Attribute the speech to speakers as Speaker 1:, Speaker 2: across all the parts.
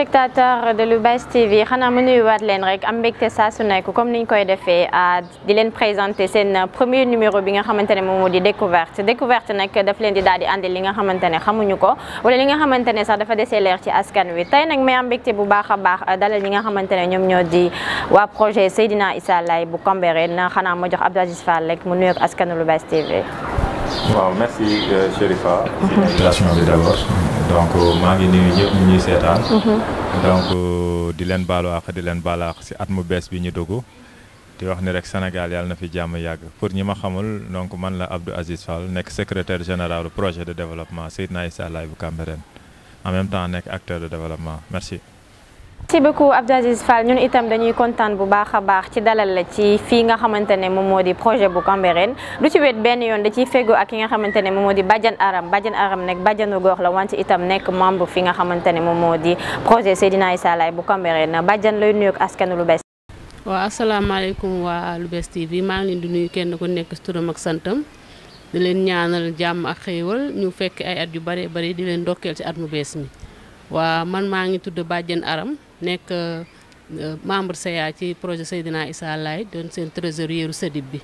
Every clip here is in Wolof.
Speaker 1: téléspectateurs de Lou'Bess TV xanaa mu nuyuwaat leen rek am mbégte saa su nekk comme ñu koy defee di leen présenter seen premier numéro bi nga xamante ne moom moo di découverte découverte nag daf leen di daal di andi li nga xamante ne xamuñu ko wala li nga xamante ne sax dafa desee leer ci askan wi tey nag may am mbégte bu baax a baax dalal ñi nga xamante ne ñoom ñoo di waa projet Seydina Issa bu bu Cambérène xanaa ma jox Abdou Aziz Fall rek mu nuyoog askanu Lou'Bess TV
Speaker 2: waaw merci euh, Chérifa. Mhm. bi d'abord. donc euh, maa ngi nuyu ñëpp ñu ñuy seetaan. Mhm. donc euh, di leen baalu àq di leen baalu àq ci at mu bees bi ñu dugg. di wax ni rek Sénégal yàlla na fi jàmm yàgg pour ñi ma xamul donc man la Abdou Aziz Fall nekk secrétaire général projet de développement Seydina Issa Laye bu Cambérène en même temps nekk acteur de développement merci.
Speaker 1: merci beaucoup Abdou Aziz Fall ñun itam dañuy kontaan bu baax a baax ci dalal la ci fii nga xamante ne moom moo di projet bu Cambérène lu ci wet benn yoon da ciy fegoo ak ki nga xamante ne moom moo di Badiane Aram Badiane Aram nekk bajanu gox la wante itam nekk membre fi nga xamante ne moom moo di projet Seydina Issa Laye bu Cambérène Badiane lay nuyoog askanu lu bees. waaw
Speaker 3: asalaamaaleykum waa Lou'Bess TV maa ngi leen di nuyu kenn ku nekk si turam ak santam di leen ñaanal jàmm ak xéewal ñu fekk ay at yu bëree bëri di leen ndokkeel ci at mu bees mi waa man maa ngi tudd Badiane Aram. nekk euh, euh, membre CA ci projet Seydina Issa Laye doon seen trésorier u SEDIB bi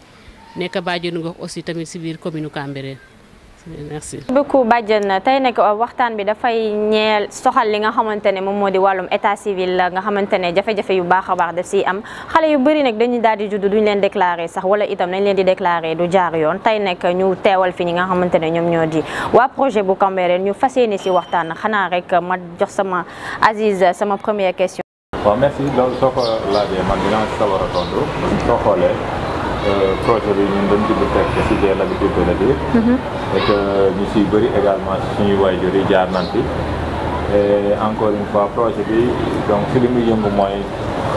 Speaker 3: nekk nu gox aussi tamit si biir commune Cambérène merci
Speaker 1: beaucoup na tey nag euh, waxtaan bi dafay ñeel soxal li nga xamante ne moom moo di wàllum état civil euh, nga xamante ne jafe-jafe yu baax a baax daf siy am xale yu bëri nag dañuy daal di judd duñu leen déclaré sax wala itam nañ leen di déclaré du jaar yoon tey nag ñu teewal fi ñi nga xamante ne ñoom ñoo di waa projet bu Cambérène ñu fas yéene si waxtaan xanaa rek euh, ma jox sama Aziz sama première question.
Speaker 2: waaw merci loolu soo ko laajee man dinaa sawar a tontu soo xoolee. Euh, projet bi ñun dañ ci bu teg ci deel ak ci bële bi mhm. et que ñu siy bëri également si suñuy waajur yi jaar nañ fi encore une fois projet bi donc si li mu yëngu mooy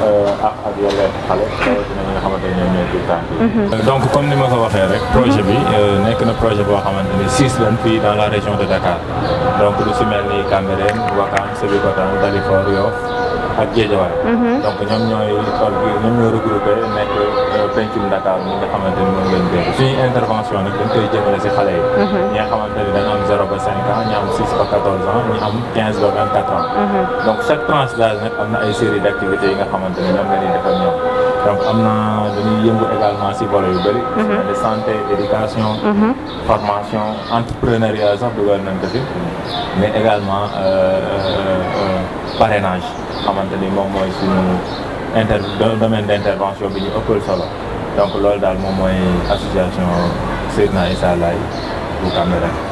Speaker 2: euh, ak ak yelleef xale dina ñi nga xamante ne ñoom ñooy tout temps bi donc comme ni ma ko waxee rek projet bi mhm. euh, nekk na projet boo xamante ni six lañ fii dans la région de Dakar donc lu si mel ni Cambérène Ouakam Sébikotane Dalifort Yoff ak Guédiawaye mhm. donc ñoom ñooy xool bi nekk pencum Dakar ñi nga xamante ni moom lañ dégg suñu intervention nag dañ koy jëmale si xale yi mhm. ñi nga xamante ni dañu am zéro ba cinq ans ñi am six ba quatorze ans ñi am quinze ba vingt quatre ans mhm. donc chaque tranche d'âge nag am na ay série d' activités yi nga xamante ni ñoom la ñuy defal ñoom donc am na dañuy yëngu également si volet yu bëri de mhm. santé éducation formation entrepreneuriat sax dugal nañ ko fi mais également euh, euh, euh, parrainage xamante ni moom mooy suñu inter domaine d' intervention bi ñu ëppal solo donc loolu daal moom mooy association Seydina Issa Laye bu Cambérène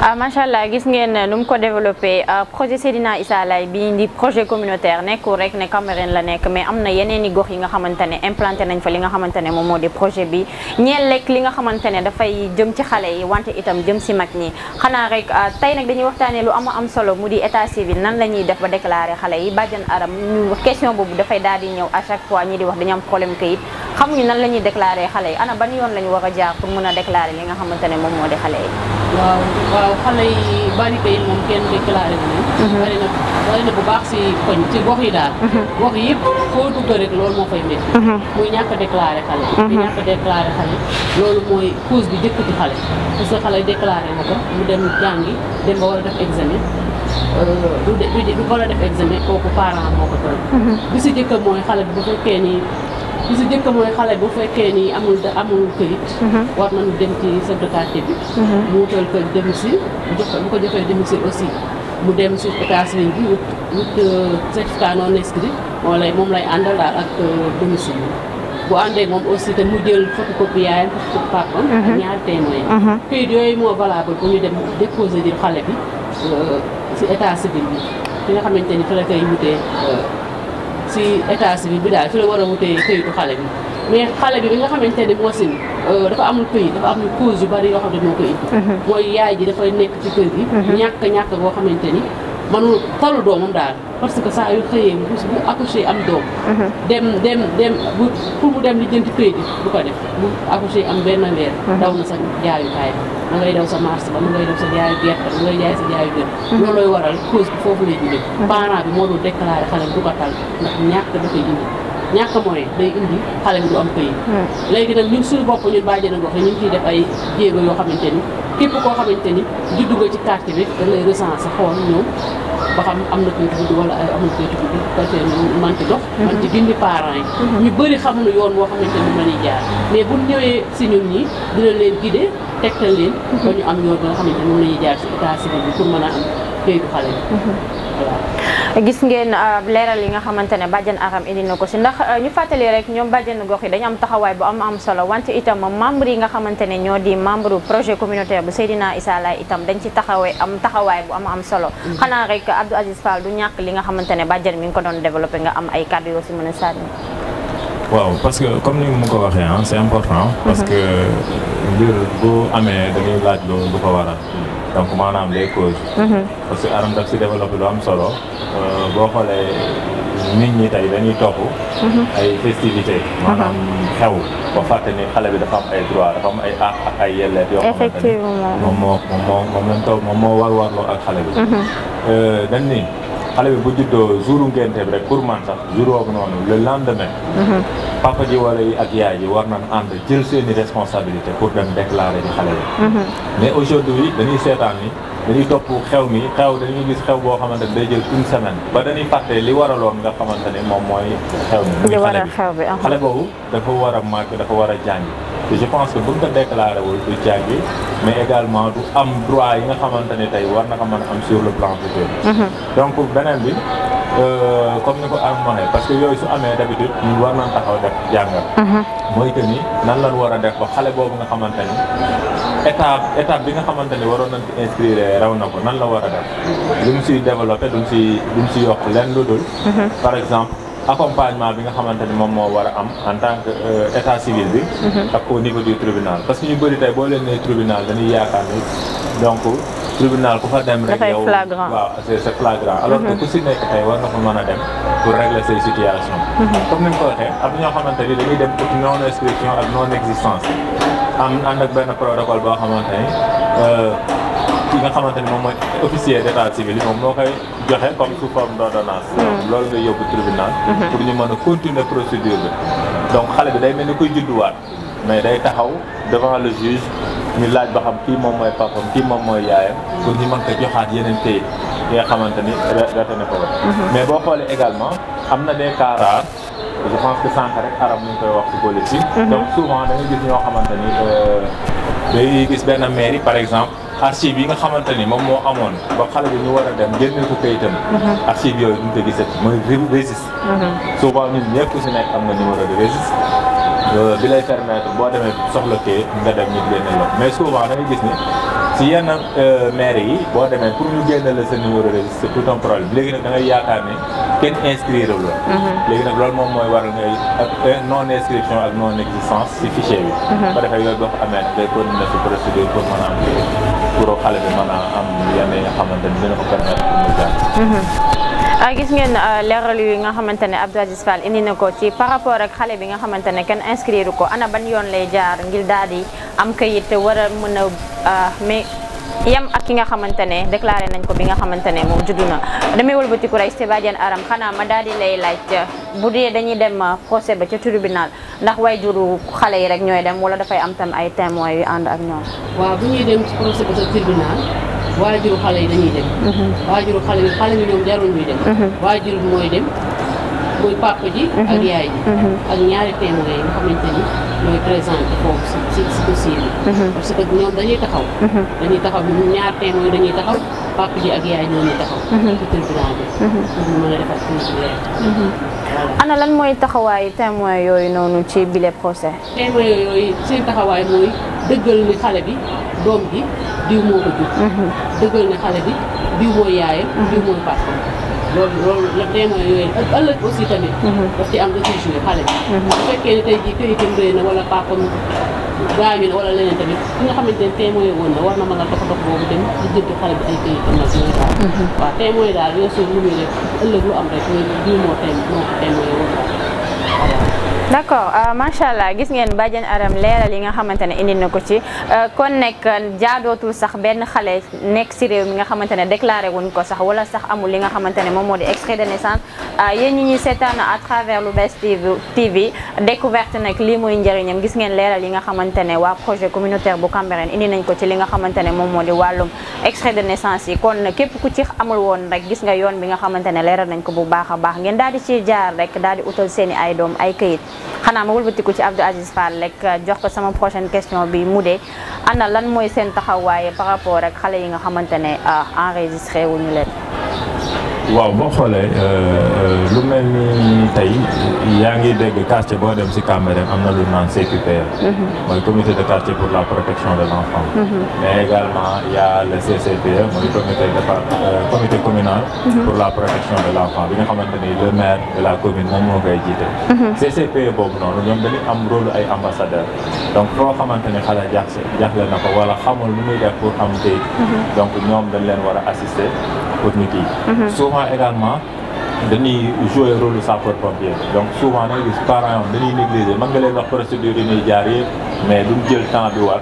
Speaker 1: Ah, macha allah gis ngeen euh, nu mu ko développé ah, projet Seydina Issa Laye bi projet communautaire nekkul rek ne Cambérène la nekk mais am na yeneen i gox yi nga xamante ne implanté nañ fa li nga xamante ne moom moo di projet bi ñeel lekk li nga xamante ne dafay jëm ci xale yi wante itam jëm si mag ñi xanaa rek ah, tey nag dañuy waxtaanee lu am am solo mu di état civil nan la ñuy def ba déclaré xale yi bàjjan aram ñu question boobu dafay daal di ñëw à chaque fois ñi di wax am problème kayit xamuñu nan la ñuy xale yi ana ban yoon la ñu war a jaar pour mën a déclaré li nga xamante ne moom moo di xale yi. waaw
Speaker 3: waaw xale yi Barika yi moom kenn déclaré wu ne. Mhm. bu baax yi daal. Mhm. gox yi yëpp foo dugg rek loolu moo fay métti. Mhm. muy ñàkk a déclaré xale. muy a déclaré xale loolu mooy cause bi njëkk ci xale parce xale déclaré na ko mu dem jàngi dem ba war a def examen. Euh, du du war a def examen kooku parent moo ko toll. bi si njëkk mooy xale bi bu fekkee ni bi si jëkk mooy xale bu fekkee nii amul amul këyit mhm. war nañu dem ci chef de quartier bi mhm. mu wutal ko domicile bu ko joxee domicile aussi mu dem sur état civil bi wut wut euh, certificat non moom lay moom lay àndal daal ak euh, domicile bu àndee moom aussi te mu jël photocopie yaayam photocopie papam ak mhm. ñaari témoin këyit yooyu moo valable bu ñu dem déposer di xale bi euh, si état civil bi fi nga xamante ni fa la wutee si état civil bi daal fi la war a wutee këyitu xale bi mais xale bi bi nga xamante ne moo sin euh, dafa amul këyit dafa amul cause yu bari yoo xam ne moo ko indi mhm. mooy yaay ji dafay nekk ci kër gi mhm. ñàkk ñàkk boo xamante ni manul talu doomam daal parce que saa yu xëyee bu bu accouché am doom mhm. dem dem dem bu pour dem li jënti këyit bi bu ko def bu accouché am benn weer daw na sa jaayukaay da ngay daw sa marché ba da ngay daw sa jaayu gerte da ngay jaay sa jaayu gën mhm. loolooy waral cause bi foofu lay jógee parent bi moo dul déclaré xale bi du ko tal ndax ñàkk da koy indi ñàkk mooy day indi xale bi du am këyit léegi nag ñun suñu bopp ñun bàjjenu gox yi ñu ngi ciy def ay jéego yoo xamante ni képp koo xamante ni di nga ci quartier bi da ngay sa xool ñëw ba xam am na kayit juddu wala ay amul kayit juddu bu fekkee ñu mën ci dox. Mhm. mën ci dindi parents yi. Mhm. ñu bëri xamuñu yoon boo xamante ni mën a jaar mais bu ñëwee si ñun ñi dina leen guider tegtal leen. Mhm. ba ñu am yoon ba nga xamante ni mën nañu jaar si état civil bi pour mën a am. téye xale
Speaker 1: yi. gis ngeen euh, leeral yi nga xamante ne bàjjen aram indi na ko si ndax euh, ñu fàttali rek ñoom bàjjen gox yi dañu am taxawaay bu am am solo wante itam membre yi nga xamante ne ñoo di membre projet communautaire bu Seydina Issa Laye itam dañ ci taxawee am taxawaay bu am am solo. Mm-hmm. xanaa rek Abdou Aziz Fall du ñàkk li nga xamante ne bàjjen mi ngi ko doon développé nga am ay kàddu yoo si mën a sànni.
Speaker 2: waaw parce que comme ni mu ko waxee ah c'est important. parce mm-hmm. euh, donc maanaam les causes. Mhm. parce que aram daf si développé lu am solo euh, boo xoolee nit ñi tey dañuy topp. Mhm. ay festivités. Mhm. maanaam xew ba fàtte ni xale bi dafa am ay droit dafa am ay àq ak ay yelleef yoo xamante ni effectivement moom moo moom moo moom lañ toog moom moo war warloo ak xale bi. Euh, dañ ni xale bi bu juddoo jouru ngénte bi rek pour man sax jour boobu noonu le lendemain mhm. papa ji wala yi ak yaay ji war nañ ànd jël seeni responsabilité pour dem déclarer ci xale yi mhm. mais aujourd'hui dañuy seetaan ni dañuy topp xew mi xew dañuy gis xew boo xamante day jël une semaine ba dañuy parte li waraloon nga xamante ne moom mooy xew mi muy xale
Speaker 1: bi xale
Speaker 2: boobu dafa war a màgg dafa war a jàngi te je pense que bëgg nga déclaré wul du jàggi mais également du am droit yi nga xamante ne tey war na ko mën a am sur le plan privé. Mhm. donc beneen bi euh, comme ni ko am waxee parce que yooyu su amee d'habitude ñun war nañ taxaw def jàngal. Mhm. mooy que ni nan lañ war a def ba xale boobu nga xamante ni étape étape bi nga xamante ni waroon nañ ci inscrire raw na ko nan la war a def lu mu siy développé du si du mu si yokk lenn lu dul mhm. par exemple accompagnement bi nga xamante ni moom moo war a am en tant que euh, état civil bi. Mm-hmm. ak au niveau du tribunal parce que ñu bëri tey boo leen nee tribunal dañuy yaakaar ni donc tribunal ku fa dem rek. waaw c'est c'est flagrant. Mm-hmm. alors que ku si nekk tey war na fa mën a dem pour régler say situation. Mm-hmm. comme ni mu ko waxee am ñoo xamante ni dañuy dem pour non inscription ak non existence am ànd ak benn protocole boo xamante ni. Euh, ki nga xamante ni moom mooy officier d' état civil moom moo koy joxe comme sous forme d' hmm. loolu nga yóbbu tribunal. Hmm. pour ñu mën a continuer procédure bi. donc xale bi day mel ni kuy waat mais day taxaw devant le juge ñu laaj ba xam kii moom mooy papam kii moom mooy yaayam pour ñu mën ko joxaat yeneen téye yi nga xamante ni retene ko hmm. mais boo xoolee également xam na des cas rares je pense que sànq rek arab mu ngi koy wax ci politique donc souvent da nga gis xamante ni euh, day gis benn mairie par exemple archive yi nga xamante ni moom moo amoon ba xale bi ñu war a dem génne ko kayitam uh-huh. archive yooyu duñ ko gisati mooy registre uh-huh. souvent ñun ñëpp si nekk am na numéro de registre euh, bi lay permettre boo demee soxla kayit nga dem ñu leen la mais souvent da nga gis ni ci yenn euh, maire yi boo demee pour ñu génne la sa numéro registre c'est tout un problème léegi nag da ngay yaakaar ne uh-huh. léegi nag loolu moom mooy waral ngay ak euh, non inscription ak non existence ci fichier bi ba defee yooyu boo ko amee day continuer su procédure pour mën pour xale bi mën am yenn yi
Speaker 1: nga xamante ne Abdou Aziz Fall indi na ko ci par rapport ak xale bi nga xamante ne kenn inscrire ko ana ban yoon lay jaar ngir daal am kayit te war a mën ah, yam ak ki nga xamante ne déclaré nañ ko bi nga xamante ne moom na damay wëlbatiku rek Sébastien Aram xanaa ma daal di lay laaj bu dee dañuy dem procès ah, ba ca tribunal ndax way juru xale yi rek ñooy dem wala dafay am tam ay témoins yu ànd ak ñoom.
Speaker 3: waaw bu ñuy dem ci procès ba sa tribunal waajuru xale yi dañuy dem. Mhm. waajuru xale xale yi ñoom dem. Mhm. waajur bi mooy dem muy papa ji. ak mhm. yaay ji. ak ñaari témoins yi nga xamante ni ñooy présenté foofu si ñoom dañuy taxaw. dañuy taxaw ñun ñaar témoins yi ji ak yaay ñoo ñuy taxaw. ci tribunal bi. ñu mën a defar suñu
Speaker 1: ana lan mooy taxawaayu témoin yooyu noonu ci bile procès.
Speaker 3: témoin yooyu seen taxawaay mooy dëggal ni xale bi doom bi diw moo ko mhm. dëggal ni xale bi diw mooy yaayam. Mhm. diw mooy papaam. loolu loolu yooyu ëllëg aussi tamit. Mhm. daf ci am lu ciy joué xale bi. bu fekkee ne tey jii këyitam rëy na wala papaam. gaañu ne wala leneen tamit ki nga xamante ne témoin woon na war na mën a dox dox boobu dem di jënd xale bi ay këyit am ak yooyu daal mhm. waaw témoin daal bien sûr lu muy def ëllëg lu am rek mooy bii moo tey moo ko témoin woon
Speaker 1: d' accord euh, macha allah gis ngeen bàjjen aram leeral yi nga xamante ne indi na ko ci euh, kon nekk jaadootul sax benn xale nekk si réew mi nga xamante ne déclaré wuñ ko sax wala sax amul li nga xamante ne moom moo di extrait de naissance Euh, yéen ñu ñuy seetaan à travers Lou'Bess TV découverte nag lii mooy njëriñam gis ngeen leeral yi nga xamante ne waa projet communautaire bu Cambérène indi nañ ko ci li nga xamante ne moom moo di wàllum extrait de naissance yi kon képp ku ci amul woon rek gis nga yoon bi nga xamante ne leeral nañ ko bu baax a baax ngeen daal di ci jaar rek daal di utal seeni ay doom ay kayit xanaa ma wëlbatiku ci Abdou Aziz Fall rek jox ko sama prochaine question bi mu dee ana lan mooy seen taxawaaye par rapport ak xale yi nga xamante ne euh, enregistré wuñu leen
Speaker 2: waaw boo xoolee euh, euh, lu mel ni tey yaa ngi dégg quartier boo dem si Cambérène am na lu naan CQPR. Mhm. mooy comité de quartier pour la protection de l' enfant. Mhm. mais également a le CCPE mooy comité départ euh, comité communal. Mhm. pour la protection de l' enfant bi nga xamante ni de la commune moom moo koy jiite. CCPE boobu noonu ñoom dañuy am rôle ay ambassadeur donc foo xamante ni xale jaaxle jaaxle na ko wala xamul lu muy def pour am kayit. donc ñoom dañ leen war a assister. pour nit yi. Mhm. souvent également dañuy jouer rôle sapeur pompier donc souvent da gis parents yi dañuy négliger mën nga leen wax procédure yi ñuy jaar yëpp mais du jël temps bi war.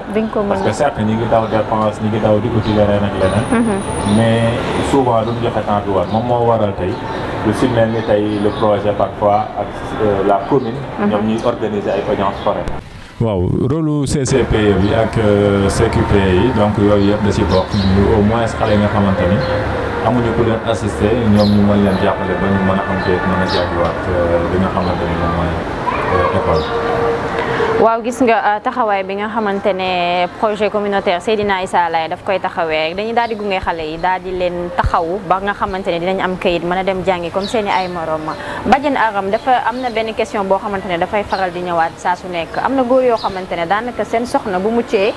Speaker 2: parce que certes ñi ngi daw dépense ñi ngi daw di uti leneen ak leneen.
Speaker 4: Mhm. mais
Speaker 2: souvent duñ joxe temps bi war moom moo waral tey. lu si mel ni tey le projet parfois ak euh, la commune. Mhm. ñoom ñuy organisé ay audience foraine. waaw rôle CCPE bi ak euh, CQPE yi donc yooyu yëpp da si bokk ñu au moins nga xamante ni. amuñu ku leen assister ñoom ñu mën leen jàppale ba ñu mën a am kayit mën euh,
Speaker 1: euh, gis nga euh, taxawaay bi nga xamante ne projet communautaire Seydina Issa Laye daf koy taxawee dañuy daal di gunge xale yi daal di leen taxawu ba nga xamante ne dinañ am kayit mën a dem jàngi comme seeni ay morom ma Badiane Aram dafa am na benn question boo xamante ne dafay faral di ñëwaat saa su nekk am na góor yoo xamante ne daanaka seen soxna bu muccee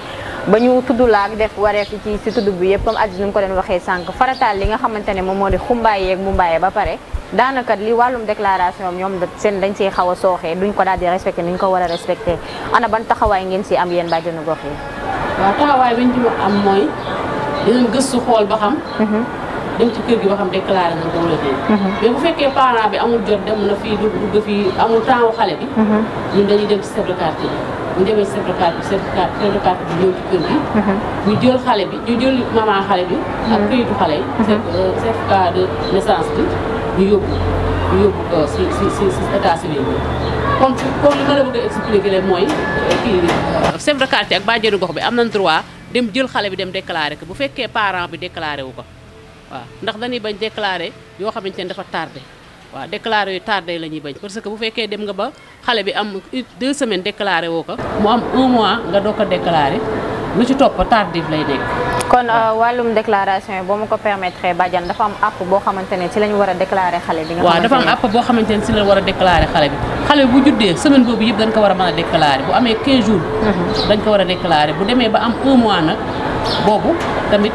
Speaker 1: ba ñu tudd laak def wareef ci si tudd bi yëpp comme addis nu mu ko doon waxee sànq farataal li nga xamante ne moom moo di xumbaay yeeg mumbaaye ba pare daanaka li wàllum déclaration ñoom seen dañ siy xaw a sooxee duñ ko daal di respecté ni ñu ko war a respecté ana ban taxawaay ngeen si am yéen bàjjenu gox yi. waaw taxawaay bi ñu ci am mooy dinañ gëstu xool ba xam. Mhm. dem ci kër gi ba xam déclaré na
Speaker 4: doole bi
Speaker 3: mhm. bu fekkee parent bi amul jot dem na fii dugg fii amul temps xale bi. Mhm. ñun dañuy dem ci chef de quartier bu demee secrétaire bi secrétaire secrétaire bi uh-huh. ñu jël xale bi ñu jël maman xale bi. ak uh-huh. këyitu xale yi. Uh-huh. Euh, certificat de naissance bi ñu yóbbu ñu yóbbu ko euh, si si si si état civil bi. kon kon li ma la bëgg a expliqué leen mooy euh, kii chef de quartier ak bàjjenu gox bi am nañ droit dem jël xale bi dem déclaré ko bu fekkee parent bi déclaré wu ko waaw ndax dañuy bañ déclaré yoo xamante ne dafa tardé. waaw déclaré yu tardé la ñuy bañ parce que bu fekkee dem nga ba xale bi am deux semaines déclaré woo ko. mu am un mois nga doog ko déclaré lu ci topp tardif lay dégg.
Speaker 1: kon euh, wàllum déclaration yi boo ma ko permettre Badiane dafa am app boo xamante ne ci la ñu war a déclaré xale bi. nga waaw dafa
Speaker 3: boo xamante ne ci war a déclaré xale bi xale bi bu juddee semaine boobu yëpp dañ ko war a mën a déclaré bu amee 15 jours. Mhm. dañ ko war a déclaré bu demee ba am un mois nag boobu tamit.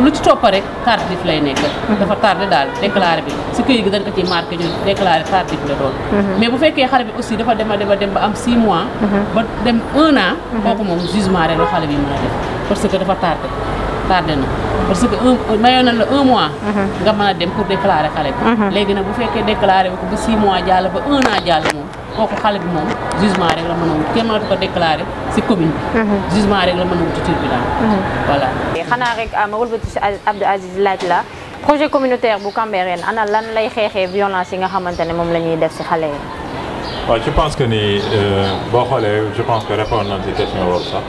Speaker 3: lu ci topp rek tardif lay nekk dafa tardé daal déclaré bi si këyit gi dañ ko ciy marqué ñu déclaré tardif la doon mhm. mais bu fekkee xale bi aussi dafa dema dema dem ba am 6 mois mhm. ba dem 1 an mhm. kooku moom jugement rek la xale bi mën a def parce que dafa tardé tardé na parce que un mayoon na la un mois. Uh-huh. nga mën a dem pour déclarer xale bi. Uh-huh. léegi nag bu fekkee déclaré wu ko ba 6 mois jàll ba 1 an jàll moom kooku xale bi moom jugement rek la mën a kenn mënatu ko si commune bi. Uh-huh. jugement rek la mën a wut ci tribunal
Speaker 1: voilà. Eh, ah, ma wëlbati si Aziz laaj la projet communautaire bu Cambérène ana lan lay xeexee violence yi nga xamante moom la ñuy def si xale yi.
Speaker 2: waaw je pense que ni euh, boo xoolee je pense que répondre na ci sax.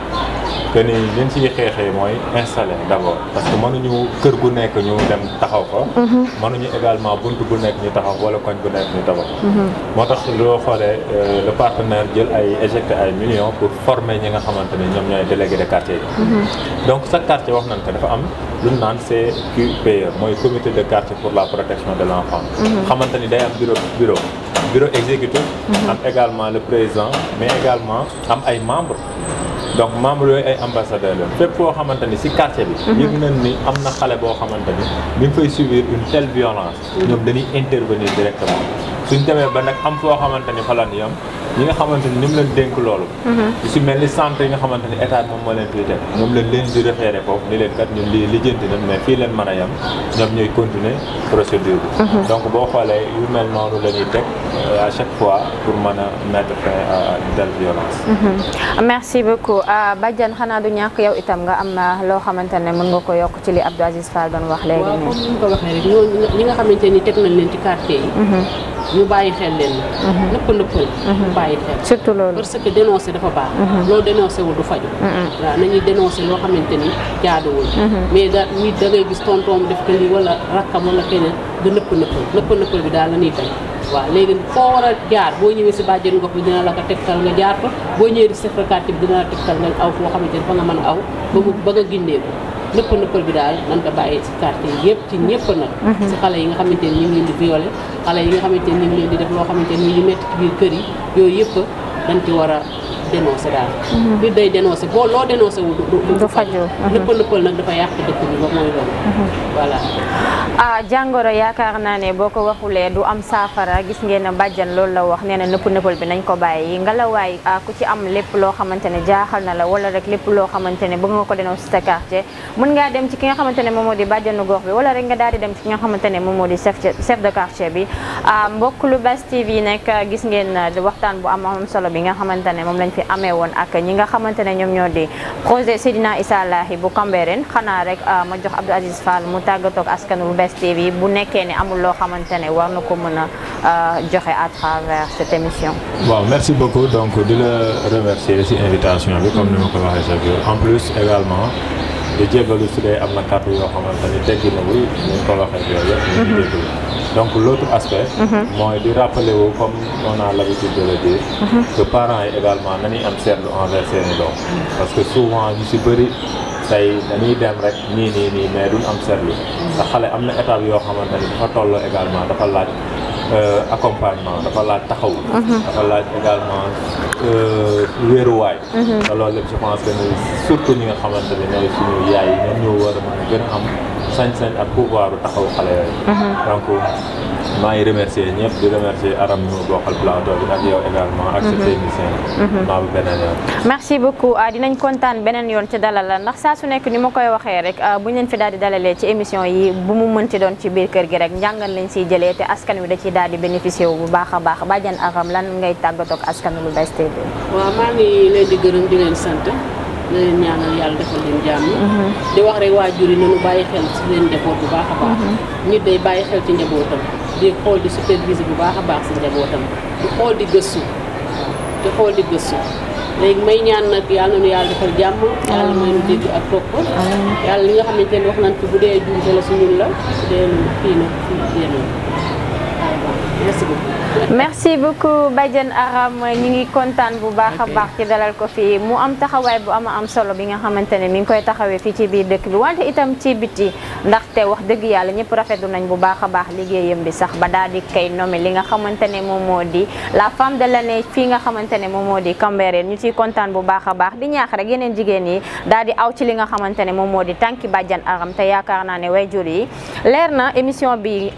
Speaker 2: que ni liñ ciy xeexee mooy installer d'abord parce que mënuñu kër gu nekk ñu dem taxaw ko fa mhm. ñu également bunt bu nekk ñu taxaw wala koñ gu nekk ñu taxaw mhm. moo tax loo xoolee euh, le partenaire jël ay éjecté ay million pour former ñi nga xamante ne ñoom ñooy délégué de quartier yi mhm. donc chaque quartier wax nañ ko dafa am lu ñu naan CQPE mooy comité de quartier pour la protection de l'enfant xamante ni day am bureau bureau bureau exécutif am également le président mais également am ay membres donc membre yooyu ay ambassadeur la fépp koo xamante ni si quartier bi mhm. yëg nañ ni am na xale boo xamante ni mi ngi fay subir une telle violence mhm. ñoom dañuy intervenir directement suñ demee ba nag am foo xamante ni fa la ñu yem ñi nga xamante ni leen dénk loolu. Mm-hmm. si mel ni centre yi nga xamante ni état moom moo leen fiy teg ñoom a yem ñoom ñooy continuer procédure mm-hmm. donc boo xoolee yu mel noonu la ñuy teg euh, à chaque fois pour mën a mettre fin à une telle violence. Mm-hmm.
Speaker 1: merci beaucoup euh, Badiane xanaa du ñàkk yow itam nga am loo xamante ne mën nga ko yokk ci li Abdou Aziz Fall doon wax léegi. waaw ko waxee rek ñi nga xamante ni teg nañ leen ci quartier yi. ñu bàyyi xel leen
Speaker 3: mhm. nëpp nëppal mhm. ñu bàyyi xel surtout loolu parce que dénoncé dafa baax mhm. loo dénoncé wul du faju waaw nañuy dénoncé loo xamante ni jaaduwul mais da nit ngay gis tontoom def ko lii wala rakkam wala keneen da nëpp nëppal nëpp nëppal bi daal la ñuy bañ waaw léegi foo war a jaar boo ñëwee si bàjjen gox bi dina la ko tegtal nga jaar fa boo ñëwee si chef de quartier bi dina la tegtal nga aw foo xamante ni fa nga mën a aw ba mu ba nga gindee nëpp nëppal bi daal nan ko bàyyi ci quartier yëpp ci ñëpp nag mhm. ci xale yi nga xamante ni ñu ngi leen di violé xale yi nga xamante ni ñu ngi di def loo xamante ni ñu ngi métti kër yi yooyu yëpp dañ ci war a dénoncé daal mhm. nit day dénoncé boo loo dénoncé wu du fajoo nëppal nëppal nag dafa yàq dëkk bi ba mooy loolu mhm. voilà
Speaker 1: ah jàngoro yaakaar naa ne boo ko waxulee du am saafara gis ngeen ne bàjjan loolu la wax nee na nëpp nëppal bi nañ ko bàyyi ngalawaay ah, ku ci am lépp loo xamante ne jaaxal na la wala rek lépp loo xamante ne bëgg nga ko dénoncé sa quartier mën ngaa dem ci ki nga xamante ne moom moo di bàjjanu gox bi wala rek nga daal di dem ci ki nga xamante ne moom moo di chef chef de quartier bi ah, mbokk Lou'Bess TV nag gis ngeen waxtaan bu am am solo bi nga fi amee woon ak ñi nga xamante ne ñoom ñoo di projet Seydina Issa Lahi bu Cambérène xanaa rek euh, ma jox Abdou Aziz Fall mu tàggatoog askan bu Best TV bu nekkee ne amul loo xamante ne war na ko mën a euh, joxe à travers cette émission.
Speaker 2: waaw merci beaucoup donc di la remercier ci invitation bi comme ni ma ko waxee chaque jour en plus également. di jégalu su dee am na kàddu yoo xamante ni teggi na wu ñu ko waxee yooyu yëpp ñu ngi jégalu donc l' autre aspect mhm. mooy di rappeler wu comme on a l'habitude de le dire mhm. yi également na nañuy am seetlu envers seeni doom parce que souvent ñu si bëri tey dañuy dem rek nii nii nii mais duñ am seetlu sa xale am na étape yoo xamante ni dafa tolloo également dafa laaj Euh, accompagnement dafa laaj taxaw mhm. dafa laaj également euh, wéeruwaay mhm. te loolu lépp je pense que ni surtout ñi nga xamante ne ñooy suñu yaay yi ñoom ñoo war a mën a gën a am sañ-sañ ak pouvoir taxaw xale yooyu mhm. donc maa ngi remercier ñëpp di remercier Aram ñu bokkal plateau bi ak yow également. ak mhm.
Speaker 1: mhm. ah, dinañ kontaan beneen yoon ci dalal la ndax saa su nekk ni ma koy waxee rek ah, bu ñu leen fi daal di dalalee ci émission yi bu mu mënti doon ci biir kër gi rek njàngal lañ siy jëlee te askan wi da ciy daal di bénéficier wu bu baax a baax bàjjan Aram lan ngay tàggatoo ak askan wi Lou'Bess TV.
Speaker 3: maa ngi leen di gërëm di leen sant. leen ñaanal yàlla defal leen jàmm mhm. di wax rek waajur yi nañu bàyyi xel ci leen njaboot bu baax a baax nit day bàyyi di xool di superviser bu baax a baax si njabootam di xool di gëstu di xool di gëstu léegi may ñaan nag yàlla nañu yàlla defal jàmm yàlla may nu dégg ak topp yàlla li nga xamante ne wax nañ fi bu dee juumte la su la bu dee lu kii na fii génn waaye merci beaucoup.
Speaker 1: merci beaucoup Badiane Aram ñu ngi kontaan bu baax a baax ci dalal ko fii mu am taxawaay bu ama am solo bi nga xamante ne mi ngi koy taxawee fii ci biir dëkk bi wante itam ci biti ndaxte wax dëgg yàlla ñëpp rafetu nañ bu baax a baax liggéeyam bi sax ba daal di kay nome li nga xamante ne moom moo di la femme de l'année fii nga xamante ne moom moo di Cambérène ñu ciy kontaan bu baax a baax di ñaax rek yeneen jigéen yi daldi aw ci li nga xamante ne moom moo di tànk Badiane Aram te yaakaar naa ne way jur yi émission bi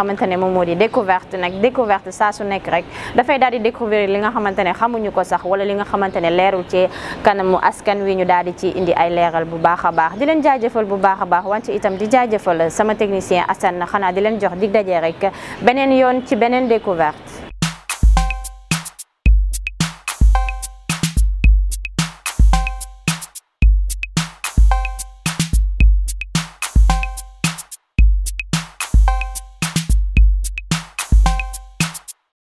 Speaker 1: xamante ne moom moo di découverte nag découverte saa su nekk rek dafay daal di découvrir li nga xamante ne xamuñu ko sax wala li nga xamante ne leerul cee kanamu askan wi ñu daal di ci indi ay leeral bu baax a baax di leen jaajëfal bu baax a baax wante itam di jaajëfal sama technicien Assane xanaa di leen jox dig daje rek beneen yoon ci beneen découverte